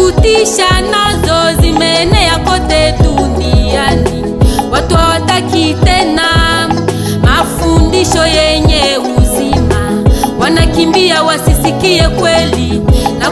kutisha nazo zimenea kote duniani, watu hawataki tena mafundisho yenye uzima, wanakimbia wasisikie kweli na